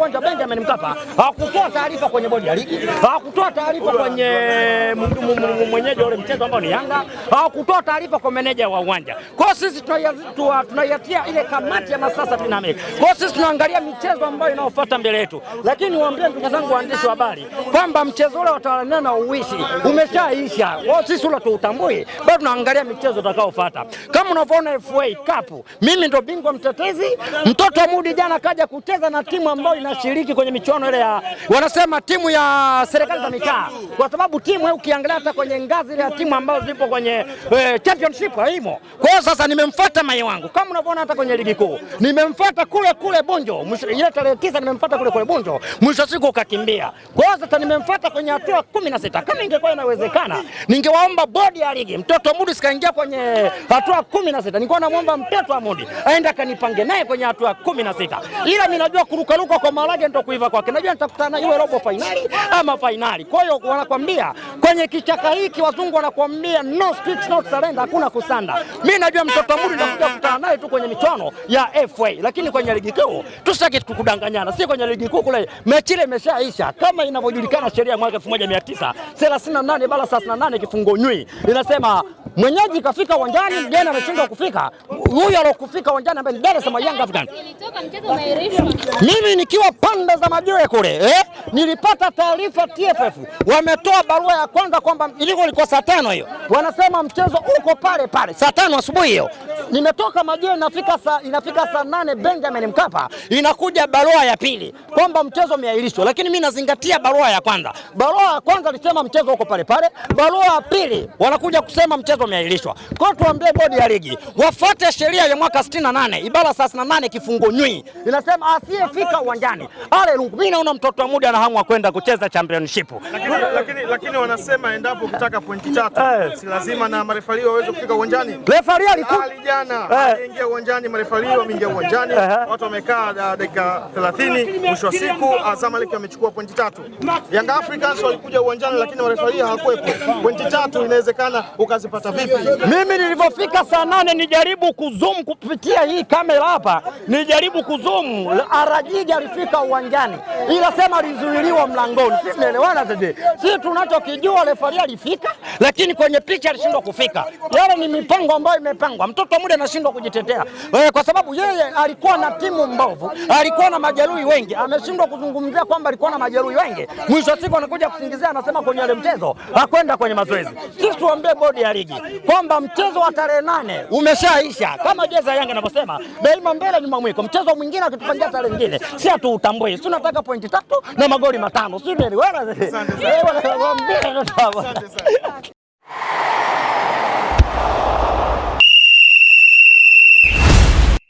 uwanja wa Benjamin Mkapa hawakutoa taarifa kwenye bodi ya ligi, hawakutoa taarifa kwenye mwenyeji ule mchezo ambao ni Yanga, hawakutoa taarifa kwa meneja wa uwanja. Kwa hiyo sisi tunaiatia ile kamati ya masasa tunameka. Kwa sisi tunaangalia michezo ambayo inaofuata mbele yetu, lakini niwaambie ndugu zangu waandishi wa habari kwamba mchezo ule watawalana na uishi umeshaisha. Kwa sisi ule tuutambui, bado tunaangalia michezo utakaofuata. Kama unavyoona FA Cup, mimi ndo bingwa mtetezi. Mtoto Mudi jana kaja kucheza na timu ambayo ina wanashiriki kwenye michuano ile ya wanasema timu ya serikali za mitaa, kwa sababu timu wewe ukiangalia hata kwenye ngazi ile ya timu ambazo zipo kwenye eh, championship haimo. Eh, kwa hiyo sasa nimemfuata mai wangu kama unavyoona hata kwenye ligi kuu nimemfuata kule kule Bunjo, ile tarehe tisa nimemfuata kule kule Bunjo, mwisho siku ukakimbia. Kwa hiyo sasa nimemfuata kwenye hatua kumi na sita. Kama ingekuwa inawezekana, ningewaomba bodi ya ligi, mtoto Mudi sikaingia kwenye hatua kumi na sita, nilikuwa namwomba mtoto wa Mudi aenda akanipange naye kwenye hatua kumi na sita, ila ninajua kurukaruka kwa Marage ndo kuiva kwake, najua nitakutana iwe robo fainali ama fainali. Kwa hiyo wanakwambia kwenye kichaka hiki wazungu wanakwambia no speech not surrender, hakuna kusanda. Mimi najua mtoto muri nakuja kukutana naye tu kwenye michuano ya FA, lakini kwenye ligi kuu tusitaki kukudanganyana. si kwenye ligi kuu kule mechi ile imeshaisha kama inavyojulikana sheria ya mwaka 1938 bala 38 kifungo nywi inasema mwenyeji kafika uwanjani, mgeni ameshindwa kufika. Huyo alokufika uwanjani ambaye ni Dar es Salaam Young Africans, mimi nikiwa pande za majiwe kule eh, nilipata taarifa TFF wametoa barua ya kwanza kwamba ilikuwa ilikuwa saa tano hiyo, wanasema mchezo uko pale pale saa tano asubuhi hiyo nimetoka majio inafika saa inafika saa nane Benjamin Mkapa, inakuja barua ya pili kwamba mchezo umeahirishwa, lakini mi nazingatia barua ya kwanza. Barua ya kwanza ilisema mchezo uko pale pale, barua ya pili wanakuja kusema mchezo umeahirishwa. Kwa hiyo tuambie bodi ya ligi wafuate sheria ya mwaka 68 ibara 38 kifungo nywi inasema asiyefika uwanjani ale rungu. Mimi naona mtoto wa muda ana hamu kwenda kucheza championship, lakini, lakini, lakini wanasema endapo ukitaka pointi tatu eh. si lazima na marefali waweze kufika uwanjani. Refali alikuwa jana eh. ingia uwanjani, marefali wameingia uwanjani, watu wamekaa ah, dakika 30. Mwisho wa siku ah, Zamalek amechukua pointi tatu. Young Africans walikuja uwanjani, lakini marefali hawakuwepo. Pointi tatu inawezekana ukazipata vipi? Mimi nilivyofika saa nane nijaribu kuzoom kupitia hii kamera hapa, nijaribu kuzoom, Arajigi alifika uwanjani, ila sema alizuiliwa mlangoni. Si tunaelewana zaidi, si tunachokijua refali alifika, lakini kwenye picha alishindwa kufika. Yale ni mipango ambayo imepangwa mtoto kule anashindwa kujitetea e, kwa sababu yeye alikuwa na timu mbovu, alikuwa na majeruhi wengi. Ameshindwa kuzungumzia kwamba alikuwa na majeruhi wengi, mwisho wa siku anakuja kusingizia, anasema kwenye ile mchezo hakwenda kwenye mazoezi. Sisi tuambie bodi ya ligi kwamba mchezo wa tarehe nane umeshaisha, kama jeza Yanga inavyosema, daima mbele nyuma mwiko. Mchezo mwingine akitupangia tarehe nyingine, si hatuutambui, si tunataka pointi tatu na magoli matano, si